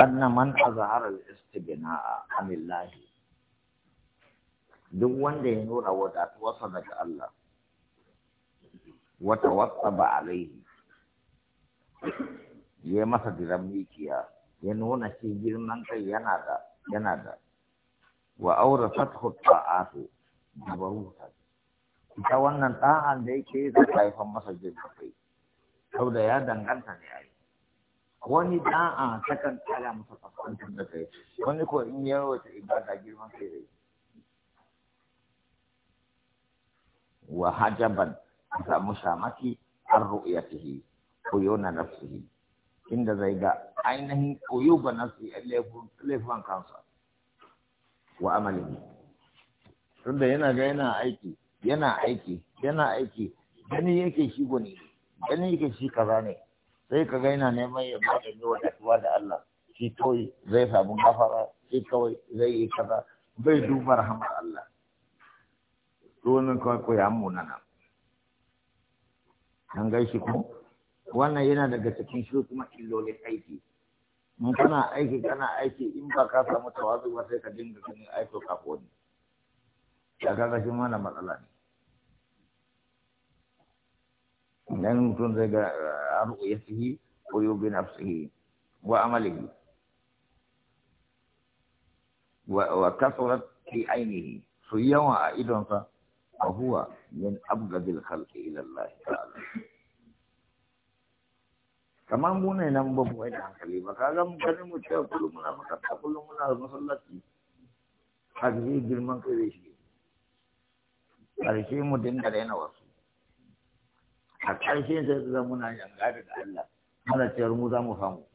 أن من أظهر الاستغناء عن الله duk wanda ya nuna wadatuwarsa daga Allah wata wasa ba alaihi ya masa diran mikiya ya nuna shi girman kai yana da yana da wa aure fathu ta'atu da baruta ita wannan ɗa'an da yake zai haifar masa jin kai da ya danganta ne ai wani da'a ta kan tsara masa fuskantar da kai wani ko in yawa ta ibada girman kai zai wa hajaban samu samaki an na nafsu nafsihi inda zai ga ainihin uyuba nafsi laifin kansa wa amalihi tunda yana ga yana aiki yana aiki yana aiki gani yake shi gani gani yake shi kaza ne sai ka gaina neman ya ba da wa tafiwa da Allah shi kawai zai samu gafara shi kawai zai yi kaza bai duba rahamar Allah to kawai ko ya munana an shi ko wannan yana daga cikin shi kuma illolin aiki in kana aiki kana aiki in ba ka samu tawazu ba sai ka dinga ganin aiko ka koni ya kaga shi mana matsala ne لأن المكنون ذلك رؤيته قلوب نفسه وعمله وكثرت في عينه سيوا أيضا فهو من أبغض الخلق إلى الله تعالى كما من نمبو بوين عن كليبا كاغا مكان مجتا كل منا فكتا كل منا مصلاتي هذه جرمان كريشي هذه شيء مدين دارين وصف a ƙarshe sai su zama muna yanga daga Allah mana cewar mu za mu samu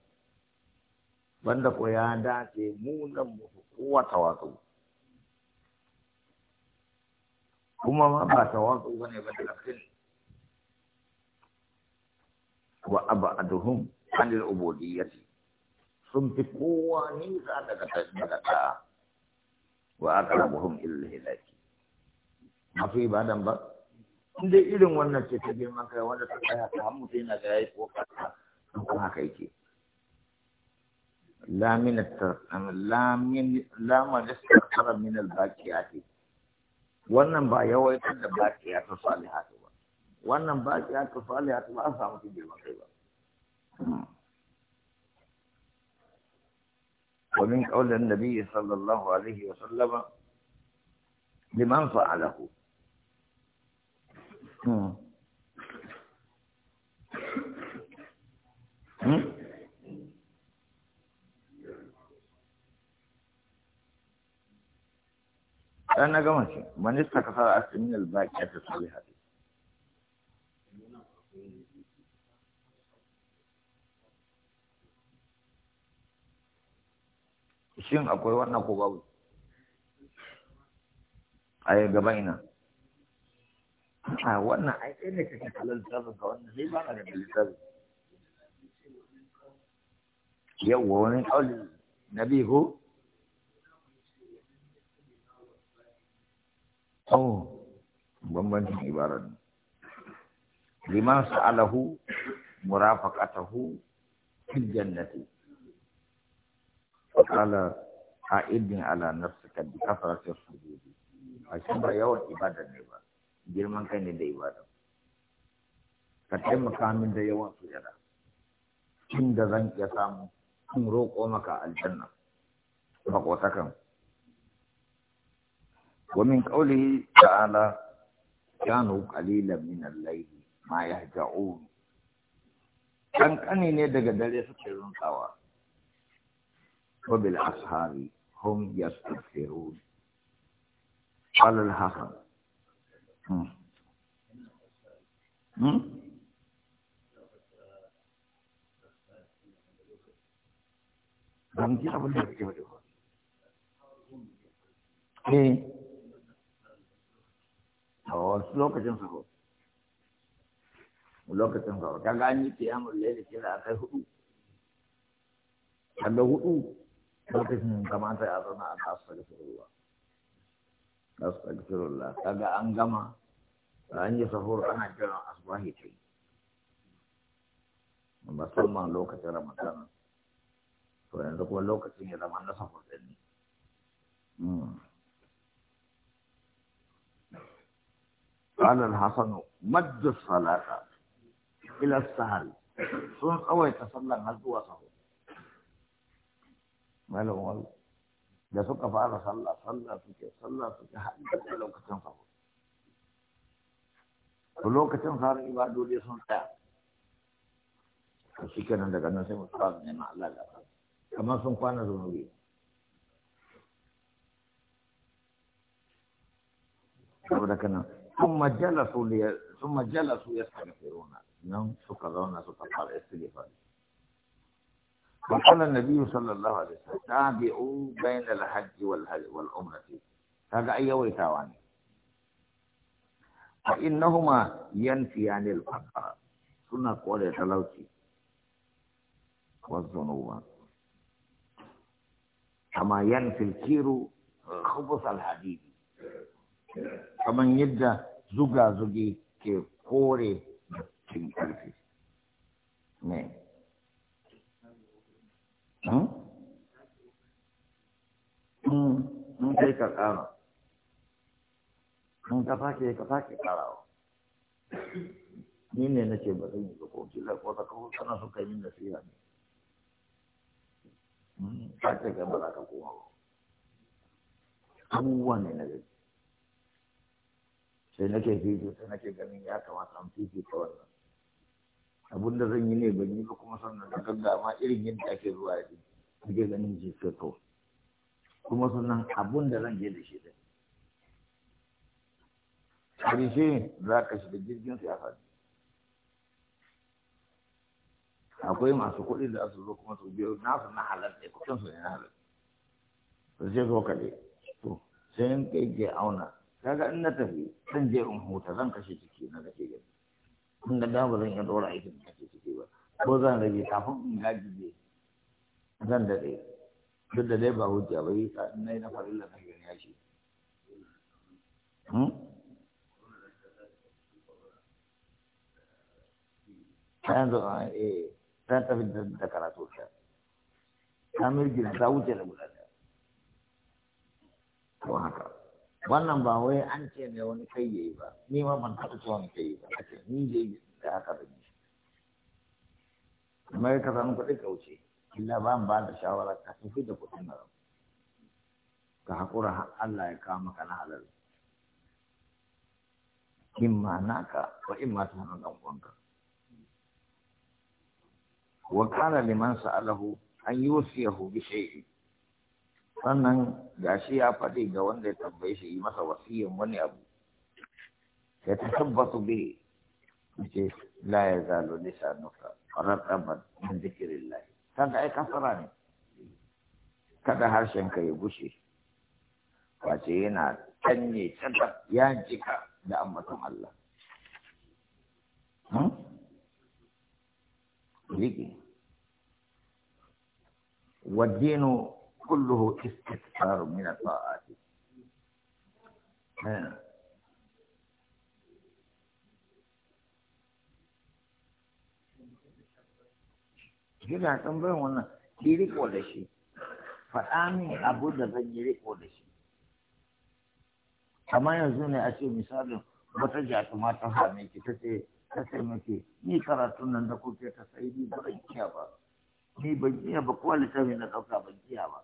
wanda ko ya dace mu nan mu kowa tawazu kuma ma ba tawazu bane ba da wa aduhum anil ubudiyyati sun fi kowa nisa daga daga ta wa aqrabuhum illa hilaki mafi ibadan ba in dai irin wannan ce ta girman kai wanda ta tsaya ta hamu sai na ga yayi ko kasa kuma haka yake la min la min la ma dastara min al baqiyati wannan ba yawaitar da baqiyatu salihatu ba wannan baqiyatu salihatu ba an samu girman kai ba ومن قول النبي صلى الله عليه وسلم لمن فعله ɗan hmm? na gama shi manista ka fara asmin al baqiyat as salihat shin akwai wannan ko babu a gaban ina a wannan ai kai ne kake kallon littafin ka wannan sai ba na da littafin yawwa wani kauli nabi ko oh bambancin ibarar liman sa'alahu murafaqatahu fil jannati qala a'idin ala nafsika bi kasrati sujudi a shi ba yawan ibadar ne ba girman kai ne da ibada ka taimaka min da yawan sujada inda zan iya samun in roƙo maka aljanna maƙotakan ومن قوله تعالى كانوا قليلا من الليل ما يهجعون kankani ne daga dare suke runtawa wabil ashari hum yastaghfirun qala al-hasan Hmm? Hmm? ba ji abin da ba eh. a wasu lokacin sako lokacin sako ka gani kiyamun laili kira kai hudu kaga hudu lokacin kamata ya zauna a kasu da ruwa أستغفر الله كذا أنجما أني سهور أنا جل أصبحي تي ما سلم لو كتير ما كان فإن ركوا لو كتير ما أنا سهور تني قال الحسن مد الصلاة إلى السهل سنت أوي تصلى نزوا سهور ما له والله da suka fara sallah sallah suke sallah suke haɗa lokacin fa to lokacin sahur ibadodi sun tsaya to shi kenan daga nan sai mutu ne ma Allah da kamar sun kwana zunubi saboda kana sun majalasu ya sun majalasu ya suka na nan suka zauna suka fara istighfar وقال النبي صلى الله عليه وسلم تابعوا بين الحج والعمرة هذا أي ويتاوان فإنهما ينفيان الفقر سنة قولة تلوتي والظنوة كما ينفي الكير خبص الحديد كما يدى زوجا زوجي كي قوري نعم in kai ka ƙara in ka sake ka sake ƙarawa ni ne na ce ba zan yi ba ko kila ko ta kawo sana so ka yi nasiha ne hmm, ka ce ka ba ka koma ba abubuwa ne na gari sai nake fito sai nake ganin ya kamata an fifita wannan abun da zan yi ne ban yi ba kuma sannan da gaggawa irin yadda ake zuwa yi ake ganin jikin kawai kuma sunan abun da zan je da shi din karshe za ka shiga jirgin siyasa akwai masu kuɗi da su zo kuma su biyo nasu na halarta ne kuɗin su ne na halar sai ko zo kaɗai to sai in kai ke auna kaga in na tafi zan je in huta zan kashe ciki na kashe gani kun da dama zan iya ɗora aikin da kashe ciki ba ko zan rage kafin in gaji zan daɗe tun da dai ba hujja ba yi na yi hmm? ah, eh, na farilla na gani kayan wannan ba wai an ce ne wani kai yayi ba ni ma ban taɓa cewa kai ba ake ni je da haka da ni ka kuɗi kauce illa ba ba da shawara ka tafi da kuɗin rabu ka haƙura Allah ya kawo maka na halal imma naka wa imma ta hannun ɗan uwanka wa kana liman sa'alahu an yusiyahu bi shay'in sannan gashi ya faɗi ga wanda ya tambaye shi yi masa wasiyan wani abu ya tabbatu bi ce la ya zalo lisanuka rataban min zikrillah kaga ai kasara ne kada harshen ka ya gushe wace yana kanye tsada ya jika da ambaton Allah Liki. Hmm? Waddinu kulluhu istikfar min taati hmm. yana tambayan wannan ki riko da shi faɗa min abu da zan yi riko da shi amma yanzu ne a ce misalin wata jatuma ta same ki ta ce ta ce miki ni karatun nan da kuke ta sai ni ba kiya ba ni ban kiya ba kowa littafi na ɗauka ban kiya ba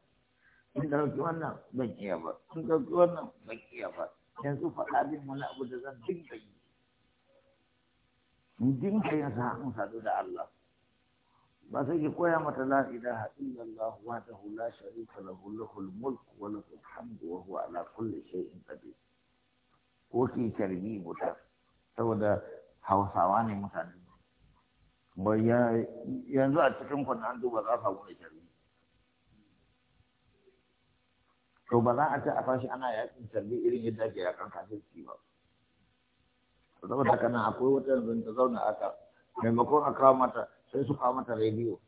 in ɗauki wannan ban kiya ba in ɗauki wannan ban kiya ba yanzu faɗa min wani abu da zan dinga yi in dinga yin sa'an sadu da Allah ba sai ki koya mata la ilaha illallah ta hula sharika lahu lahul mulk wa lahul hamdu wa huwa ala kulli shay'in qadir ko ki karbi buta saboda hausawa ne mutane ba ya yanzu a cikin kun an duba za ka gode karbi to ba za a ce a fashi ana yakin karbi irin yadda ake yakan kafirci ba saboda kana akwai wata yanzu ta zauna aka maimakon a kawo mata sai su kawo mata rediyo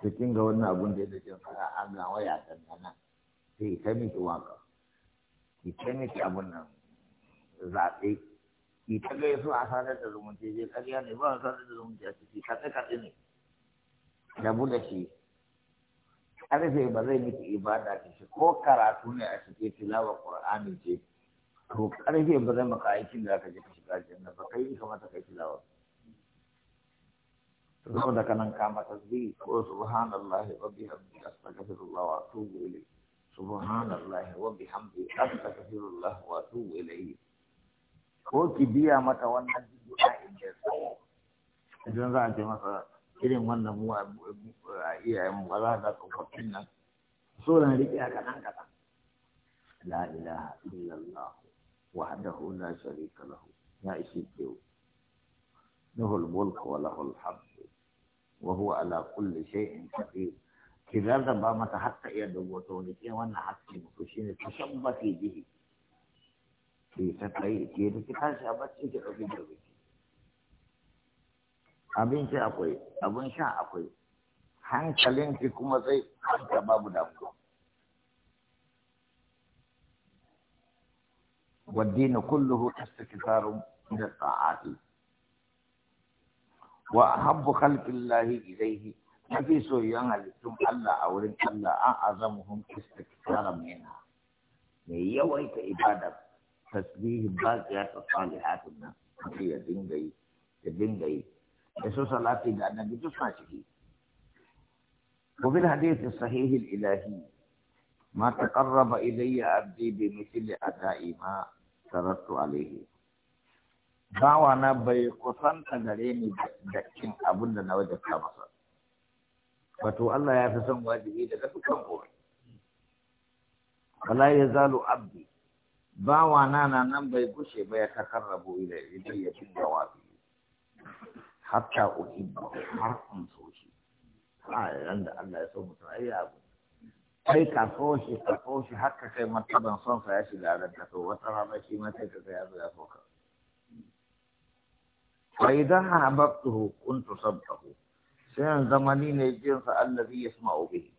su ga wannan abun da ya da jin fara an ah, ga waya dangana sai ta miki waka ki ta miki abun nan zaɓe ki ta gaya su a sadar da zumunci zai ƙarya ne ba a sadar da zumunci a ciki kaɗe kaɗe ne rabu da shi ƙarfe ba zai miki ibada ki shi ko karatu ne a cikin tilawa ƙur'ani ce to ƙarfe ba zai maka aikin da aka je ka shiga aljanna ba kai kamata kai tilawa zama da kanan kama tasbih ko subhanallahi wa bihamdihi astaghfirullah wa atubu ilayhi subhanallahi wa bihamdihi astaghfirullah wa atubu ilayhi ko ki biya mata wannan du'a inda idan za a ce masa irin wannan mu a iyayen mu ba za a zaka kwafin nan so na rike a kanan kanan la ilaha illallah wahdahu la sharika lahu ya ishe kewu له الملك وله الحمد وهو على كل شيء قدير كذا ذبا متى حتى يدوته لكي وانا حتى مكشين تشبتي به في تطعي كي لكي تشبتي كي في جوي أقوي أبين akwai أقوي sha akwai كي كما زي kwanta babu دابو والدين كله استكثار من الطاعات وأحب خلق الله إليه حفيظ ينعلتم ألا أولين ألا أعظمهم استكثارا منها يا ويت إبادة تسبيه باقيات الصالحات الناس يا دينجي يا دينجي يسوع صلاة لأن بجوز ما وفي الحديث الصحيح الإلهي ما تقرب إلي أبدي بمثل أدائي ما سردت عليه bawa na bai kusanta gare ni da cin abin da na wajabta masa wato Allah ya fi son wajibi daga dukkan komai wala ya zalu abdi bawa na na nan bai gushe ba ya takarrabu ila ya cin jawabi hatta uhibbu har in so shi a yayin da Allah ya so mutum ai abu kai ka so shi ka so shi haka kai martaban son sa ya shiga ran ka so wata rana shi ma sai ka ga ya zo ya so ka فإذا أحببته كنت صدقه سين زماني الجنس الذي يسمع به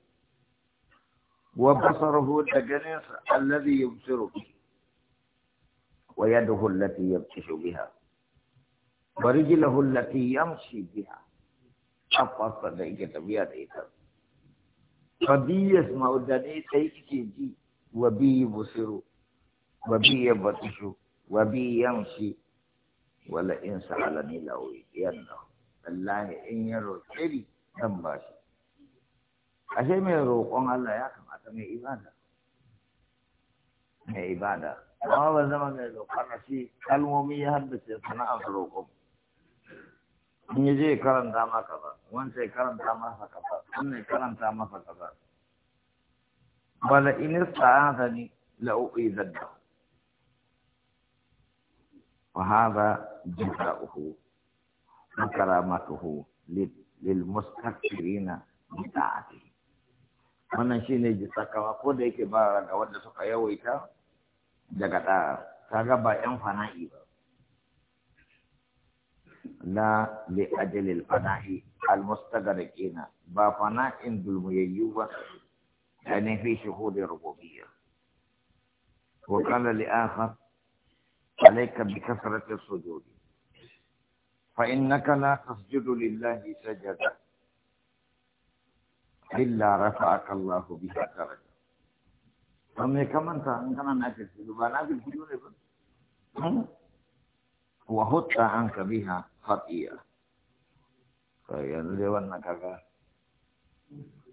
وبصره الجنس الذي يبصر به ويده التي يبتش بها ورجله التي يمشي بها أفضل ذلك تبيع إيتر فبي يسمع الدنيا تيكي جي وبي يبصر وبي يبطش وبي يمشي wala in ni la uyanna wallahi in ya roƙe ni dan ba shi ashe mai roƙon Allah ya kamata mai ibada mai ibada amma ban zama mai roƙon shi kalmomi ya haddace sana'ar roƙon in ya je karanta maka ba wancan karanta masa kaza wannan karanta masa kaza wala in ni lawi uizanna وهذا جزاؤه وكرامته للمستكبرين بطاعته wannan shi ne jisakawa ko da yake ba ga wanda suka yawaita daga ɗa kaga ba 'yan fana'i ba la li ajalil fana'i al mustagariqina ba fana'in dulmuyayyu ba yani fi shuhudi rububiyya wa qala li akhar عليك بكثرة السجود فإنك لا تسجد لله سجدا إلا رفعك الله بها درجة فمن كمان كان نافل في دبا نافل في وهدت عنك بها خطيئة فينزلنك كذا